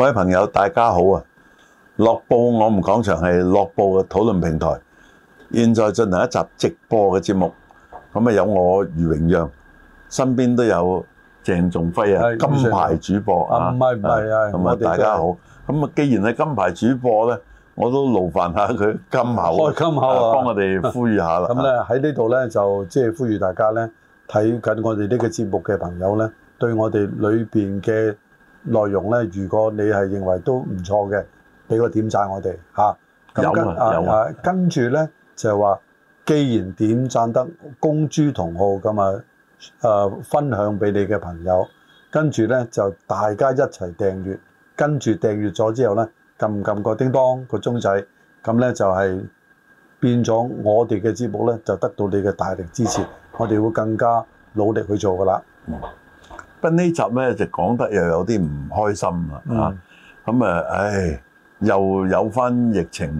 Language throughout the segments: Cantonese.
各位朋友，大家好啊！樂報我們講場係樂報嘅討論平台，現在進行一集直播嘅節目。咁啊，有我余榮讓，身邊都有鄭仲輝啊，的金牌主播啊，唔係唔係啊。咁啊，的大家好。咁啊，既然係金牌主播咧，我都勞煩下佢金口開金口啊，幫我哋呼籲下啦。咁咧喺呢度咧就即係呼籲大家咧，睇緊我哋呢個節目嘅朋友咧，對我哋裏邊嘅。內容呢，如果你係認為都唔錯嘅，俾個點讚我哋吓。啊、跟住呢，就係話，既然點讚得公諸同好，咁啊誒分享俾你嘅朋友。跟住呢，就大家一齊訂閱，跟住訂閱咗之後呢，撳唔撳個叮噹個鐘仔？咁呢，就係、係、變咗我哋嘅節目呢，就得到你嘅大力支持。我哋會更加努力去做㗎喇。嗯但呢集咧就講得又有啲唔開心啦，咁、嗯、啊，唉、哎、又有翻疫情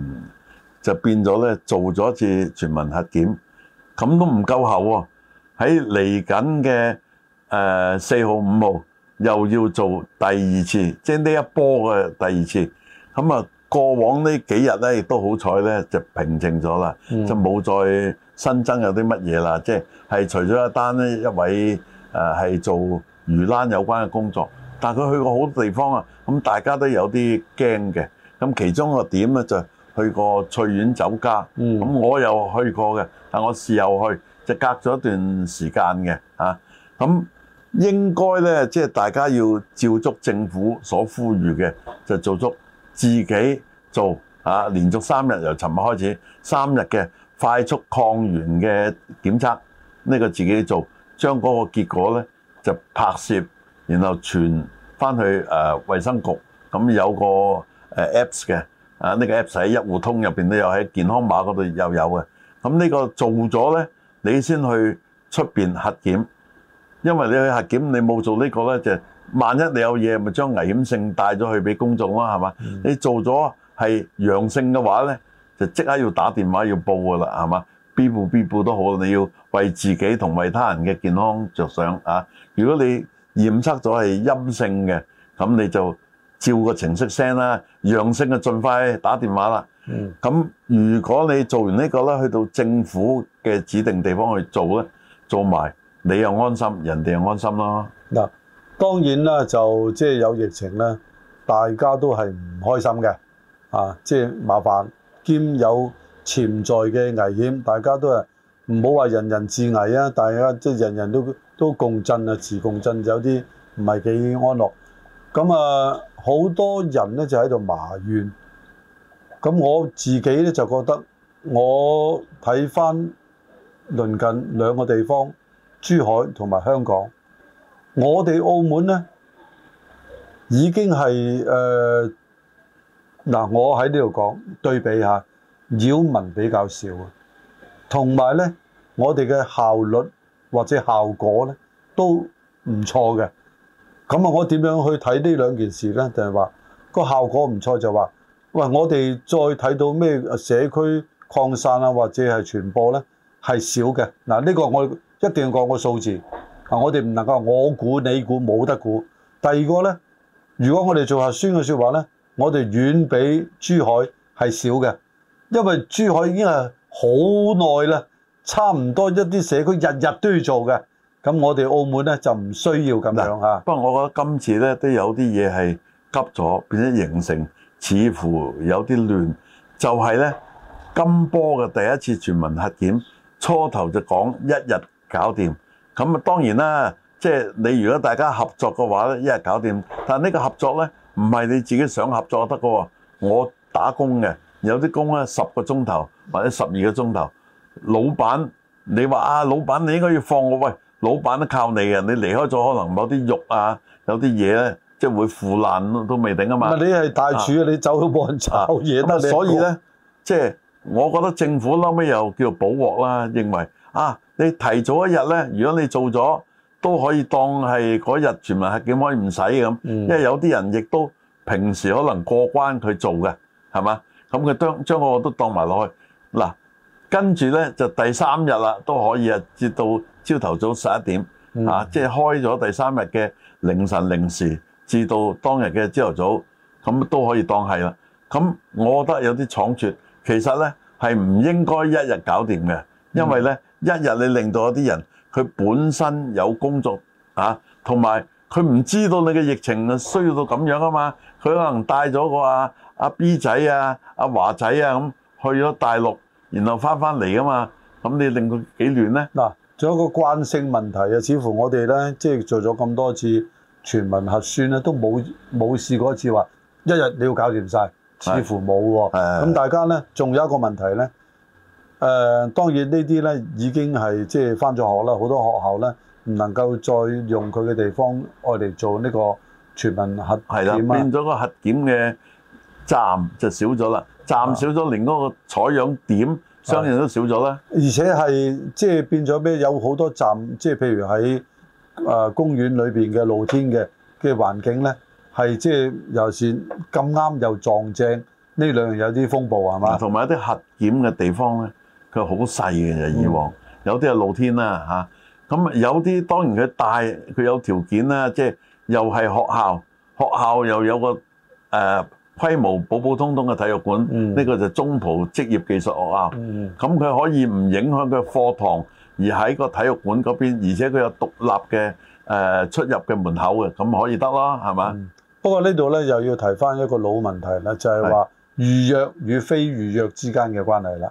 就變咗咧，做咗次全民核檢，咁都唔夠厚喎、啊。喺嚟緊嘅誒四號五號又要做第二次，即係呢一波嘅第二次。咁、嗯、啊，過往幾呢幾日咧亦都好彩咧，就平靜咗啦，就冇再新增有啲乜嘢啦。即、就、係、是、除咗一單呢一位誒係、呃、做。魚欄有關嘅工作，但係佢去過好多地方啊。咁大家都有啲驚嘅。咁其中個點咧就是去過翠苑酒家，咁、嗯、我又去過嘅，但我試後去就隔咗一段時間嘅啊。咁應該咧，即、就、係、是、大家要照足政府所呼籲嘅，就做足自己做啊。連續三日由尋日開始，三日嘅快速抗原嘅檢測，呢、這個自己做，將嗰個結果咧。就拍攝，然後傳翻去誒衛生局，咁有個 Apps 嘅，啊、這、呢個 Apps 喺一戶通入面都有，又喺健康碼嗰度又有嘅。咁呢個做咗咧，你先去出面核檢，因為你去核檢你冇做呢、這個咧，就是、萬一你有嘢，咪將危險性帶咗去俾公眾啦，係嘛？你做咗係陽性嘅話咧，就即刻要打電話要報㗎啦，係嘛？B 部 B 部都好，你要為自己同為他人嘅健康着想啊！如果你驗測咗係陰性嘅，咁你就照個程式聲啦；陽性嘅盡快打電話啦。咁、嗯、如果你做完呢、呢個咧，去到政府嘅指定地方去做咧，做埋你又安心，人哋又安心啦。嗱，當然啦，就即係有疫情啦，大家都係唔開心嘅啊！即、就、係、是、麻煩兼有。潛在嘅危險，大家都係唔好話人人自危啊！大家即係人人都都共振啊，自共振有啲唔係幾安樂。咁啊，好多人咧就喺度埋怨。咁我自己咧就覺得，我睇返鄰近兩個地方，珠海同埋香港，我哋澳門咧已經係誒嗱，我喺呢度講對比下。擾民比較少啊，同埋咧，我哋嘅效率或者效果咧都唔錯嘅。咁啊，我點樣去睇呢兩件事咧？定係話個效果唔錯就話喂，我哋再睇到咩社區擴散啊，或者係傳播咧係少嘅嗱。呢個我一定要講個數字啊，我哋唔能夠我估你估冇得估。第二個咧，如果我哋做核酸嘅説話咧，我哋遠比珠海係少嘅。因為珠海已經係好耐啦，差唔多一啲社區日日都要做嘅，咁我哋澳門咧就唔需要咁樣嚇。不過我覺得今次咧都有啲嘢係急咗，變咗形成，似乎有啲亂，就係咧金波嘅第一次全民核檢，初頭就講一日搞掂，咁啊當然啦，即係你如果大家合作嘅話咧，一日搞掂。但係呢個合作咧唔係你自己想合作得嘅喎，我打工嘅。有啲工咧，十個鐘頭或者十二個鐘頭，老闆你話啊，老闆你應該要放我喂，老闆都靠你嘅，你離開咗，可能某啲肉啊，有啲嘢咧，即係會腐爛都都未定啊嘛。你係大廚，啊、你走去幫人炒嘢，啊啊啊、所以咧，即、就、係、是、我覺得政府後尾又叫做補鑊啦，認為啊，你提早一日咧，如果你做咗都可以當係嗰日全民核檢可以唔使咁，因為有啲人亦都平時可能過關去做嘅，係嘛？咁佢將將個個都當埋落去，嗱，跟住咧就第三日啦，都可以啊，至到朝頭早十一點啊，即係開咗第三日嘅凌晨零時，至到當日嘅朝頭早，咁都可以當係啦。咁我覺得有啲倉促，其實咧係唔應該一日搞掂嘅，因為咧一日你令到有啲人佢本身有工作啊，同埋佢唔知道你嘅疫情啊，需要到咁樣啊嘛，佢可能帶咗個啊。阿 B 仔啊，阿、啊、華仔啊，咁去咗大陸，然後翻翻嚟啊嘛，咁你令佢幾亂咧？嗱，仲有一個慣性問題啊，似乎我哋咧，即係做咗咁多次全民核酸咧，都冇冇試過一次話一日你要搞掂晒，的似乎冇喎、哦。咁大家咧，仲有一個問題咧，誒、呃、當然呢啲咧已經係即係翻咗學啦，好多學校咧唔能夠再用佢嘅地方我哋做呢個全民核檢啊，變咗個核檢嘅。站就少咗啦，站少咗，連嗰個採樣點相應都少咗啦。是的而且係即係變咗咩？有好多站，即係譬如喺啊公園裏邊嘅露天嘅嘅環境咧，係即係又算咁啱又撞正呢兩樣有啲風暴係嘛？同埋一啲核檢嘅地方咧，佢好細嘅，就以往、嗯、有啲係露天啦嚇。咁、啊、有啲當然佢大，佢有條件啦，即係又係學校，學校又有個誒。呃規模普普通通嘅體育館，呢、嗯、個就是中葡職業技術學校。咁佢、嗯、可以唔影響佢課堂，而喺個體育館嗰邊，而且佢有獨立嘅誒、呃、出入嘅門口嘅，咁可以得啦，係咪、嗯？不過呢度呢，又要提翻一個老問題啦，就係話預約與非預約之間嘅關係啦。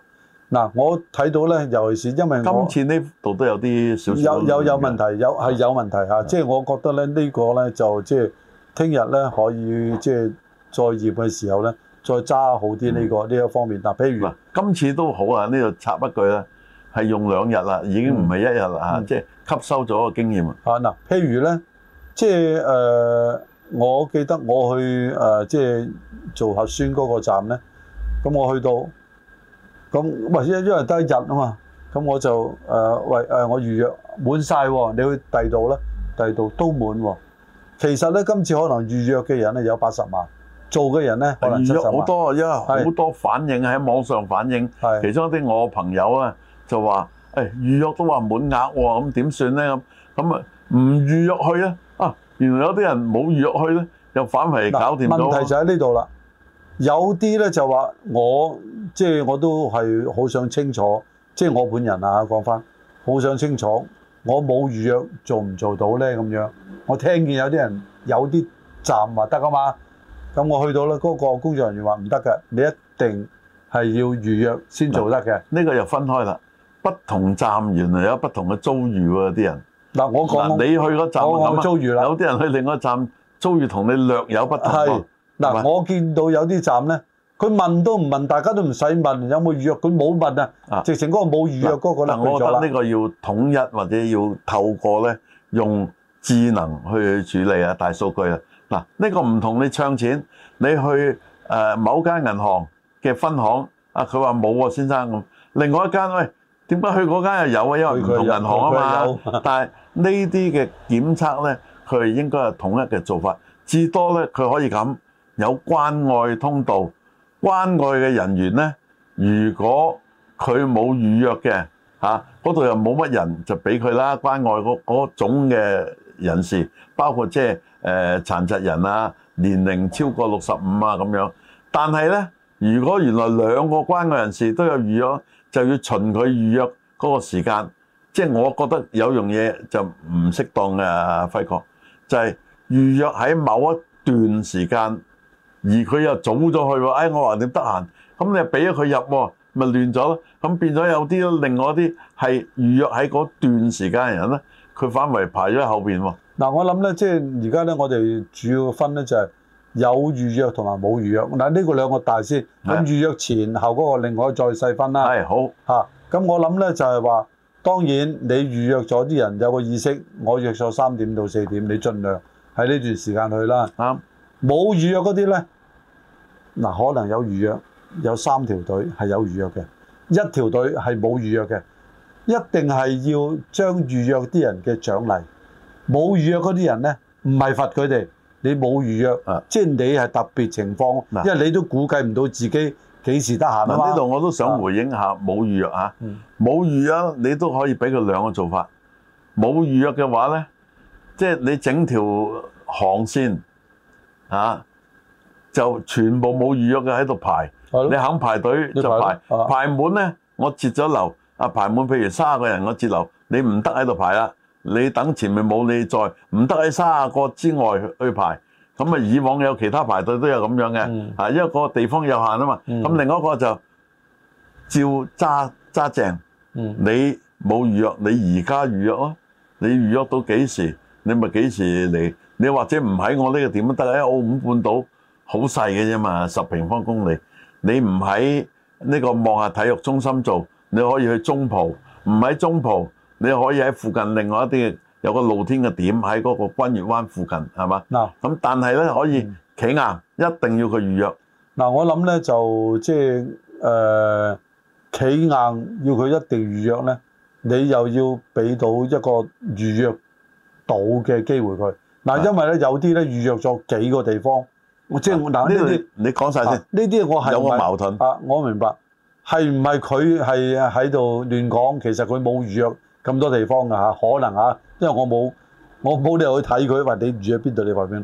嗱是，我睇到呢，尤其是因為今次呢度都有啲少少有有有問題，有係有問題嚇。即係是我覺得咧，呢個呢，就即係聽日呢，可以即係。就是再熱嘅時候咧，再揸好啲呢、這個呢一、嗯、方面。嗱，譬如今次都好啊，呢度插一句啦，係用兩日啦，已經唔係一日啦嚇，嗯、即係吸收咗個經驗啊。嗱、嗯，譬如咧，即係誒、呃，我記得我去誒、呃，即係做核酸嗰個站咧，咁我去到咁，或者因為得一日啊嘛，咁我就誒為誒我預約滿晒喎，你去第二度咧，第二度都滿喎。其實咧，今次可能預約嘅人咧有八十萬。做嘅人咧，預約好多，因為好多反應喺的網上反應，其中一啲我朋友啊就話：誒、哎、預約都話滿額喎，咁點算咧？咁咁啊唔預約去咧啊！原來有啲人冇預約去咧，又反為搞掂咗。問題就喺呢度啦。有啲咧就話我即係、就是、我都係好想清楚，即、就、係、是、我本人啊講翻，好想清楚，我冇預約做唔做到咧咁樣？我聽見有啲人有啲站話得噶嘛。咁我去到啦，嗰個工作人員話唔得㗎，你一定係要預約先做得嘅。呢個又分開啦，不同站原來有不同嘅遭遇喎，啲人。嗱我講，嗱你去嗰站有遭遇啦，有啲人去另一站遭遇同你略有不同的。嗱吧我見到有啲站咧，佢問都唔問，大家都唔使問有冇預約，佢冇問啊，啊直情嗰個冇預約嗰個都去咗啦。我覺得呢個要統一或者要透過咧用智能去處理啊，大數據啊。嗱，呢個唔同你搶錢，你去誒某間銀行嘅分行，啊佢話冇喎先生，咁另外一間喂，點解去嗰間又有啊？因為唔同銀行啊嘛。但係呢啲嘅檢測咧，佢應該係統一嘅做法。至多咧，佢可以咁有關愛通道，關愛嘅人員咧，如果佢冇預約嘅，嚇嗰度又冇乜人，就俾佢啦。關愛嗰嗰種嘅。人士包括即係誒殘疾人啊，年齡超過六十五啊咁樣。但係咧，如果原來兩個關嘅人士都有預約，就要循佢預約嗰個時間。即係我覺得有樣嘢就唔適當嘅啊，輝哥就係預約喺某一段時間，而佢又早咗去喎。哎，我話點得閒，咁你俾咗佢入，咪亂咗咯。咁變咗有啲另外一啲係預約喺嗰段時間嘅人咧。佢反為排咗喺後邊喎。嗱、啊，我諗呢，即係而家呢，我哋主要分呢就係、是、有預約同埋冇預約。嗱、啊，呢、這個兩個大先。咁是預約前後嗰個，另外再細分啦。係好。嚇、啊，咁我諗呢，就係、是、話，當然你預約咗啲人有個意識，我約咗三點到四點，你盡量喺呢段時間去啦是。啊，冇預約嗰啲呢，嗱，可能有預約，有三條隊係有預約嘅，一條隊係冇預約嘅。一定係要將預約啲人嘅獎勵，冇預約嗰啲人咧，唔係罰佢哋，你冇預約，啊、即係你係特別情況，啊、因為你都估計唔到自己幾時得閒。呢度我都想回應一下冇、啊、預約嚇，冇預啊，嗯、預約你都可以俾佢兩個做法。冇預約嘅話咧，即、就、係、是、你整條航線啊，就全部冇預約嘅喺度排，的你肯排隊的就排，排滿咧我截咗流。啊排滿，譬如三十個人我截流，你唔得喺度排啦，你等前面冇你再唔得喺三十個之外去排，咁啊以往有其他排隊都有咁樣嘅，啊、嗯、因為個地方有限啊嘛，咁、嗯、另一個就照揸揸正，嗯、你冇預約，你而家預約咯、啊，你預約到幾時，你咪幾時嚟，你或者唔喺我呢個點都得咧？因為澳門半島好細嘅啫嘛，十平方公里，你唔喺呢個望下體育中心做。你可以去中葡，唔喺中葡，你可以喺附近另外一啲有個露天嘅點喺嗰個君悦灣附近是吧，係嘛、啊？嗱，咁但係咧可以企硬，一定要佢預約。嗱、啊，我諗咧就即係誒企硬要佢一定預約咧，你又要俾到一個預約到嘅機會佢。嗱、啊，因為咧有啲咧預約咗幾個地方，我即係嗱呢啲你講晒先，呢啲、啊、我係唔係啊？有個矛盾。我明白。係唔係佢係喺度亂講？其實佢冇預約咁多地方㗎嚇，可能嚇，因為我冇我冇理由去睇佢話你預約邊度，你話邊。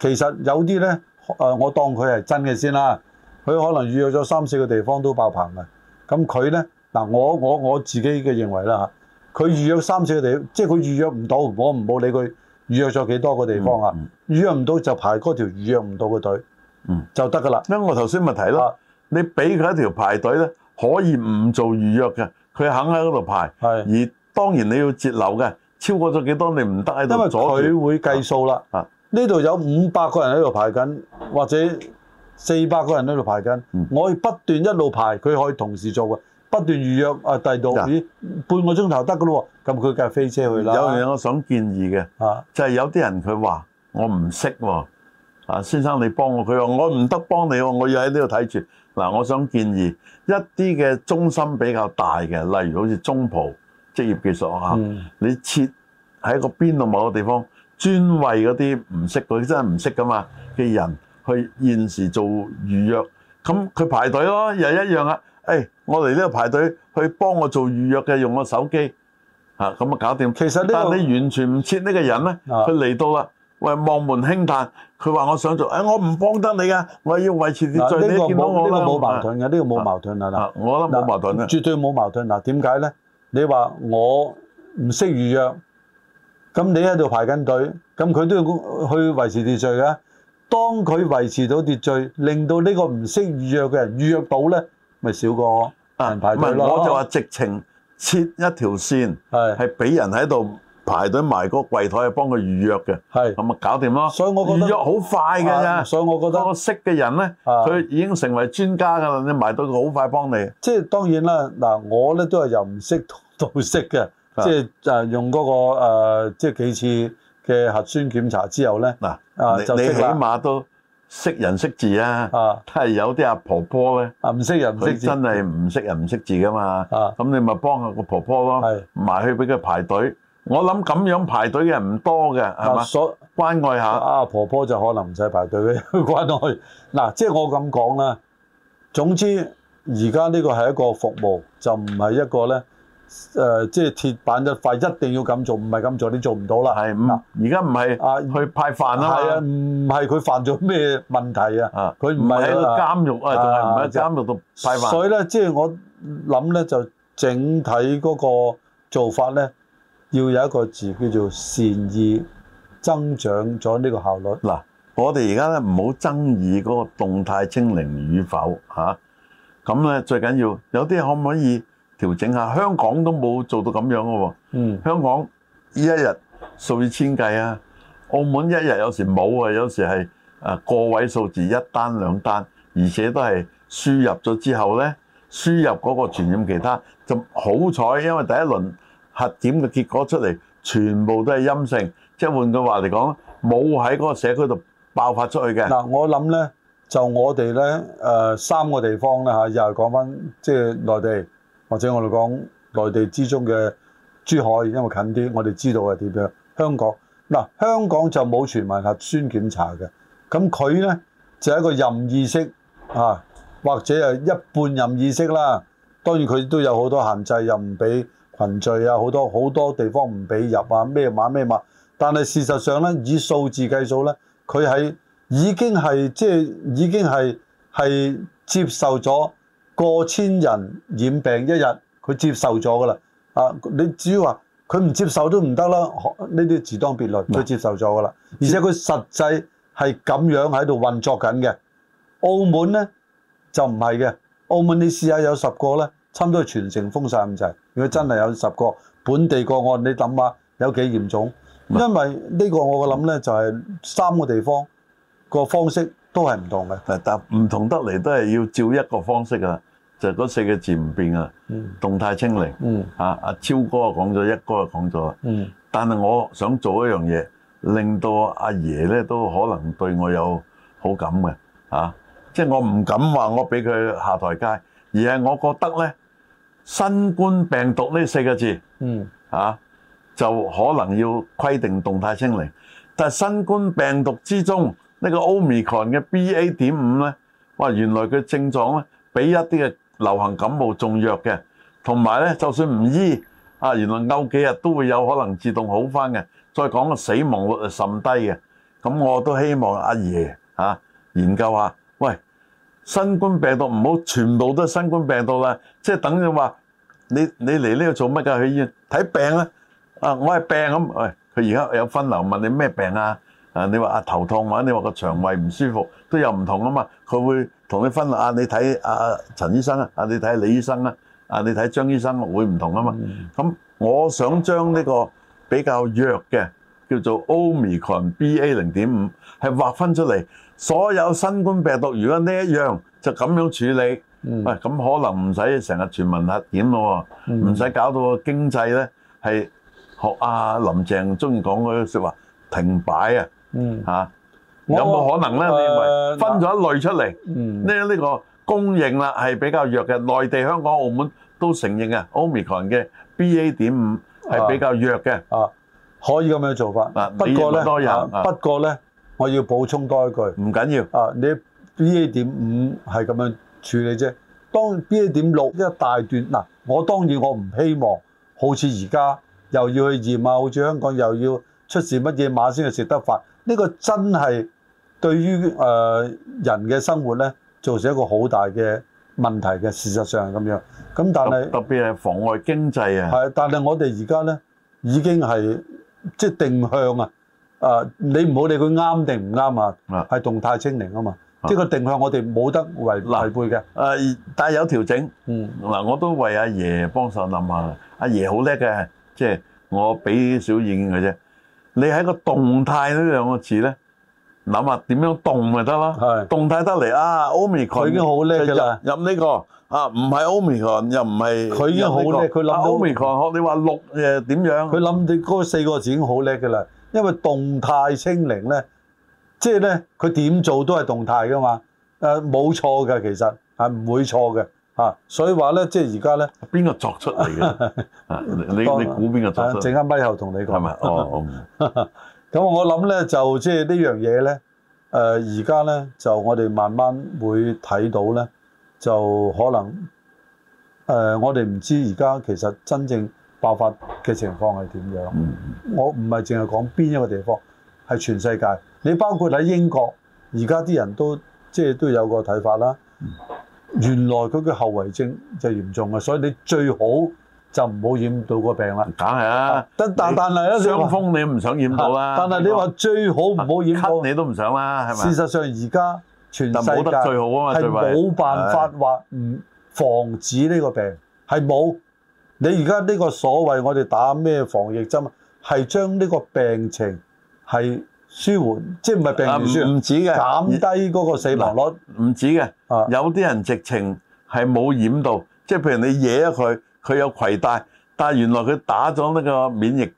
其實有啲咧，誒，我當佢係真嘅先啦。佢可能預約咗三四個地方都爆棚嘅。咁佢咧嗱，我我我自己嘅認為啦嚇，佢預約三四個地方，即係佢預約唔到，我唔好理佢預約咗幾多個地方啊。嗯嗯、預約唔到就排嗰條預約唔到嘅隊，嗯，就得㗎啦。因為我頭先咪提咯。啊。你俾佢一條排隊咧，可以唔做預約嘅，佢肯喺嗰度排。係是。而當然你要截流嘅，超過咗幾多你唔得喺度，因為佢會計數啦。啊。呢度有五百個人喺度排緊，啊、或者四百個人喺度排緊。嗯、我我不斷一路排，佢可以同時做嘅，不斷預約啊，第二度是咦半個鐘頭得㗎咯喎，咁佢架飛車去啦。有樣我想建議嘅、啊，啊，就係有啲人佢話我唔識喎，啊先生你幫我，佢話我唔得幫你喎，我要喺呢度睇住。嗱，我想建議一啲嘅中心比較大嘅，例如好似中葡職業技術學校，嗯、你設喺個邊度某個地方，專為嗰啲唔識，佢真係唔識噶嘛嘅人去現時做預約，咁佢排隊咯，又一樣啦、哎。我嚟呢度排隊去幫我做預約嘅，用我手機嚇，咁啊搞掂。其實呢、這個，但你完全唔設呢個人咧，佢嚟到啦。啊。喂，望門興嘆，佢話我想做，誒我唔幫得你嘅，我係要維持秩序。呢個冇，呢個冇矛盾嘅，呢個冇矛盾啊！嗱，我覺得冇矛盾咧，絕對冇矛盾。嗱，點解咧？你話我唔識預約，咁你喺度排緊隊，咁佢都要去維持秩序嘅。當佢維持到秩序，令到呢個唔識預約嘅人預約到咧，咪少個人排隊咯。唔係，我就話直情切一條線，係係俾人喺度。排隊埋個櫃台去幫佢預約嘅，咁咪搞掂咯。預約好快嘅咋？所以我覺得我識嘅人咧，佢已經成為專家㗎啦。你埋到佢好快幫你。即係當然啦，嗱，我咧都係由唔識到識嘅，即係誒用嗰個即係幾次嘅核酸檢查之後咧，嗱，你你起碼都識人識字啊。啊，都係有啲阿婆婆咧，啊唔識人唔識真係唔識人唔識字㗎嘛。啊，咁你咪幫下個婆婆咯，埋去俾佢排隊。我諗咁樣排隊嘅人唔多嘅，啊、係嘛？所關愛下阿、啊、婆婆就可能唔使排隊嘅關愛。嗱、啊，即係我咁講啦。總之，而家呢個係一個服務，就唔係一個咧誒、呃，即係鐵板一塊一定要咁做，唔係咁做你做唔到啦。係是，而家唔係啊，去派飯咯。係啊，唔係佢犯咗咩問題啊？佢唔係喺個監獄啊，仲係唔喺監獄度派飯。啊、所以咧，即係我諗咧，就整體嗰個做法咧。要有一個字叫做善意，增長咗呢個效率。嗱，我哋而家咧唔好爭議嗰個動態清零與否吓，咁、啊、咧最緊要有啲可唔可以調整下？香港都冇做到咁樣噶喎、啊，嗯、香港呢一日數以千計啊，澳門一日有時冇啊，有時係誒個位數字一單兩單，而且都係輸入咗之後咧，輸入嗰個傳染其他，就好彩，因為第一輪。核點嘅結果出嚟，全部都係陰性，即係換句話嚟講，冇喺嗰個社區度爆發出去嘅。嗱，我諗咧，就我哋咧，誒三個地方啦嚇，又係講翻即係內地，或者我哋講內地之中嘅珠海，因為近啲，我哋知道係點樣。香港，嗱，香港就冇全民核酸檢查嘅，咁佢咧就係一個任意式啊，或者係一半任意式啦。當然佢都有好多限制，又唔俾。群聚啊，好多好多地方唔俾入啊，咩碼咩碼。但係事實上咧，以數字計數咧，佢係已經係即係已經係係接受咗過千人染病一日，佢接受咗㗎啦。啊，你至於話佢唔接受都唔得啦，呢啲自當別論，佢接受咗㗎啦。的而且佢實際係咁樣喺度運作緊嘅。澳門咧就唔係嘅，澳門你試下有十個咧。差唔多全城封晒，咁滯，如果真係有十個本地個案，你諗下有幾嚴重？因為呢個我諗呢就係三個地方個方式都係唔同嘅。但唔同得嚟都係要照一個方式啊，就係、是、嗰四個字唔變啊，動態清零。嗯。嗯啊，阿超哥講咗，一哥講咗。嗯。但係我想做一樣嘢，令到阿爺呢都可能對我有好感嘅。即、啊、係、就是、我唔敢話我俾佢下台階，而係我覺得呢。新冠病毒呢四個字，嗯啊，就可能要規定動態清零。但係新冠病毒之中、那個、的呢個 Omicron 嘅 BA 點五咧，哇，原來佢症狀呢比一啲嘅流行感冒仲弱嘅，同埋呢，就算唔醫啊，原來唸幾日都會有可能自動好返嘅。再講個死亡率係甚低嘅，咁我都希望阿爺啊研究一下，喂，新冠病毒唔好全部都係新冠病毒啦，即、就、係、是、等於話。你你嚟呢度做乜噶？去醫院睇病啊！啊，我係病咁。喂，佢而家有分流，問你咩病啊？啊，你話啊頭痛或者你話個腸胃唔舒服，都有唔同啊嘛。佢會同你分流啊，你睇啊陳醫生啊，你睇李醫生啊，啊你睇張醫生會唔同啊嘛。咁我想將呢個比較弱嘅叫做 Omicron BA 零點五係劃分出嚟。所有新冠病毒，如果呢一樣就咁樣處理，喂，咁可能唔使成日全民核檢咯喎，唔使搞到個經濟咧係學阿林鄭中意講嗰句説話停擺啊，嚇有冇可能咧？你認為分咗一類出嚟，呢呢個供應啦係比較弱嘅，內地、香港、澳門都承認啊，Omicron 嘅 BA. 點五係比較弱嘅，啊，可以咁樣做法，不過咧，不過咧。我要補充多一句，唔緊要啊！你 B A 點五係咁樣處理啫。當 B A 點六一大段嗱、啊，我當然我唔希望，好似而家又要去驗啊，好似香港又要出事乜嘢馬先去食得飯。呢、這個真係對於誒、呃、人嘅生活咧，造成一個好大嘅問題嘅。事實上係咁樣。咁但係特別係妨礙經濟啊。係，但係我哋而家咧已經係即係定向啊。誒，你唔好理佢啱定唔啱啊，係動態清零啊嘛，即係個定向我哋冇得違違背嘅。誒，但係有調整。嗯，嗱，我都為阿爺幫手諗下。阿爺好叻嘅，即係我俾少意見佢啫。你喺個動態呢兩個字咧，諗下點樣動咪得咯。係動態得嚟啊，奧密佢已經好叻㗎啦。入呢個啊，唔係奧密克，又唔係。佢已經好叻，佢諗到。阿奧密克學你話六誒點樣？佢諗住嗰四個字已經好叻㗎啦。因為動態清零咧，即係咧佢點做都係動態噶嘛，誒，冇錯嘅其實係唔會錯嘅嚇，所以話咧即係而家咧邊個作出嚟嘅 你 你估邊 個作出嚟嘅？正阿咪後同你講係咪？哦，咁我諗咧就即係呢樣嘢咧誒，而家咧就我哋慢慢會睇到咧，就可能誒、呃、我哋唔知而家其實真正。爆發嘅情況係點樣？嗯、我唔係淨係講邊一個地方，係全世界。你包括喺英國，而家啲人都即係都有個睇法啦。原來佢嘅後遺症就嚴重啊，所以你最好就唔好染到個病啦。梗係啦，啊、你但但係咧，你話傷風你唔想染到啦，但係你話最好唔好染，你都唔想啦，係咪？事實上而家全世界係冇辦法話唔防止呢個病，係冇。你而家呢個所謂我哋打咩防疫針，係將呢個病情係舒緩，即係唔係病完唔、啊、止嘅，減低嗰個死亡率，唔、啊、止嘅。有啲人直情係冇染到，即係、啊、譬如你惹咗佢，佢有攜帶，但原來佢打咗呢個免疫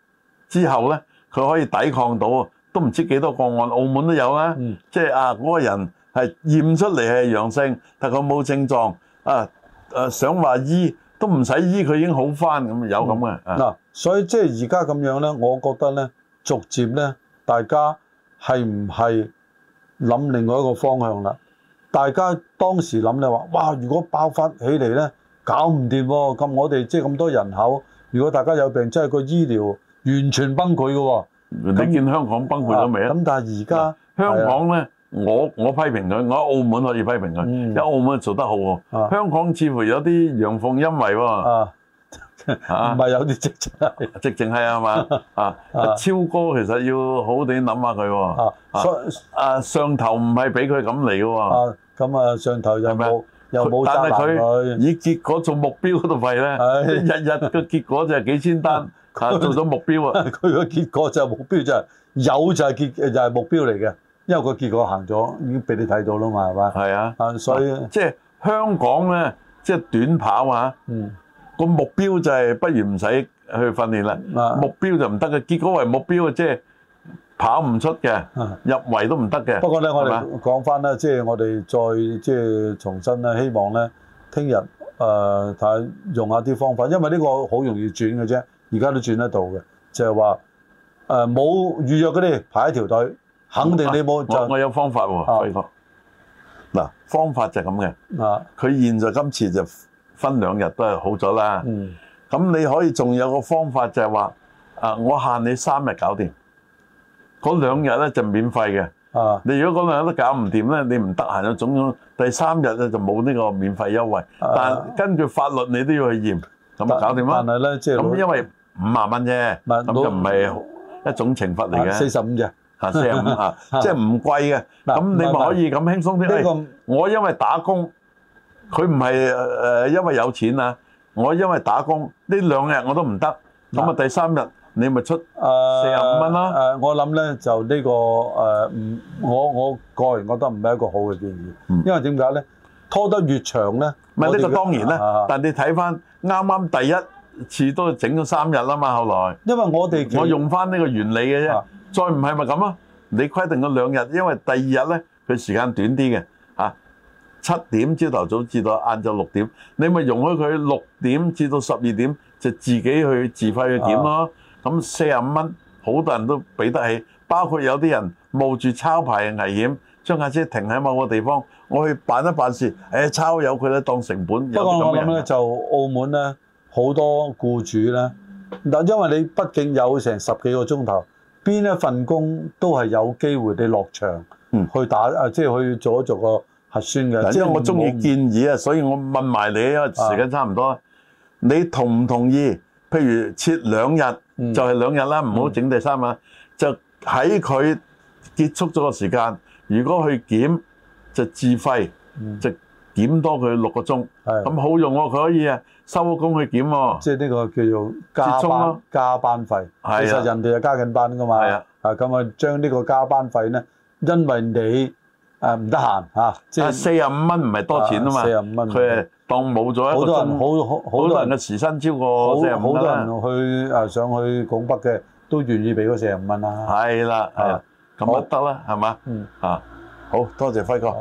之後咧，佢可以抵抗到，都唔知幾多個案，澳門都有啦。即係啊，嗰、嗯啊嗰個人係驗出嚟係陽性，但佢冇症狀，啊，啊想話醫。都唔使醫佢已經好翻咁，有咁嘅。嗱、嗯，是所以即係而家咁樣呢。我覺得呢，逐漸呢，大家係唔係諗另外一個方向啦？大家當時諗你話，哇！如果爆發起嚟呢，搞唔掂喎。咁我哋即係咁多人口，如果大家有病，真係個醫療完全崩潰㗎喎。你見香港崩潰咗未啊？咁、嗯、但係而家香港呢。我我批評佢，我喺澳門可以批評佢，因為澳門做得好喎。香港似乎有啲陽奉陰違喎。啊，唔係有啲直情係，直情係係嘛？啊，超哥其實要好好哋諗下佢喎。啊，所啊上頭唔係俾佢咁嚟嘅喎。啊，咁啊上頭又冇又冇但係佢，以結果做目標嗰度弊咧。日日個結果就係幾千單，佢做咗目標啊。佢個結果就係目標就係有就係結就係目標嚟嘅。因為個結果行咗，已經俾你睇到啦嘛，係咪？係啊，以是就是、啊，所以即係香港咧，即係短跑嘛，個目標就係不如唔使去訓練啦。啊、目標就唔得嘅，結果為目標即係、就是、跑唔出嘅，啊、入圍都唔得嘅。不過咧，吧我哋講翻啦，即、就、係、是、我哋再即係、就是、重新咧，希望咧聽日誒睇下用下啲方法，因為呢個好容易轉嘅啫，而家都轉得到嘅，就係話誒冇預約嗰啲排一條隊。肯定你冇，就是、我我有方法喎，輝、啊、哥。嗱，方法就係咁嘅。佢、啊、現在今次就分兩日都係好咗啦。咁、嗯、你可以仲有個方法就係話，啊，我限你三日搞掂。嗰兩日咧就免費嘅。啊、你如果嗰兩日都搞唔掂咧，你唔得閒就總總。第三日咧就冇呢個免費優惠。啊、但跟住法律你都要去驗，咁啊搞掂啦。咁、就是、因為五萬蚊啫，咁不就唔係一種懲罰嚟嘅。四十五日。四十五啊，即係唔貴嘅，咁你咪可以咁輕鬆啲。我因為打工，佢唔係誒因為有錢啊，我因為打工呢兩日我都唔得，咁啊第三日你咪出四十五蚊啦。誒，我諗咧就呢個誒，唔我我個人覺得唔係一個好嘅建議，因為點解咧拖得越長咧？唔係呢個當然啦，但你睇翻啱啱第一次都整咗三日啦嘛，後來因為我哋我用翻呢個原理嘅啫。再唔係咪咁啊？你規定咗兩日，因為第二日咧佢時間短啲嘅嚇，啊、七點朝頭早至到晏晝六點，你咪容許佢六點至到十二點就自己去自費去點咯。咁四十五蚊，好多人都俾得起，包括有啲人冒住抄牌嘅危險，將架車停喺某個地方，我去辦一辦事，誒、哎、抄有佢咧當成本有人。不過澳門咧就澳門咧好多僱主啦，但因為你畢竟有成十幾個鐘頭。邊一份工都係有機會你落場去打、嗯、啊，即、就、係、是、去做一做個核酸嘅。即係我中意建議啊，所以我問埋你啊，時間差唔多，啊、你同唔同意？譬如設兩日，嗯、就係兩日啦，唔好整第三日。嗯、就喺佢結束咗個時間，如果去檢就自費，嗯檢多佢六個鐘，咁好用喎，佢可以啊收工去檢喎。即係呢個叫做加班加班費。其實，人哋係加緊班噶嘛。係啊。啊咁啊，將呢個加班費咧，因為你啊唔得閒嚇。即係四十五蚊唔係多錢啊嘛。四十五蚊。佢當冇咗。好多人好好多人嘅時薪超過。好多人去啊上去拱北嘅都願意俾嗰四十五蚊啊。係啦。係。咁啊得啦，係嘛？嗯。啊，好多謝輝哥。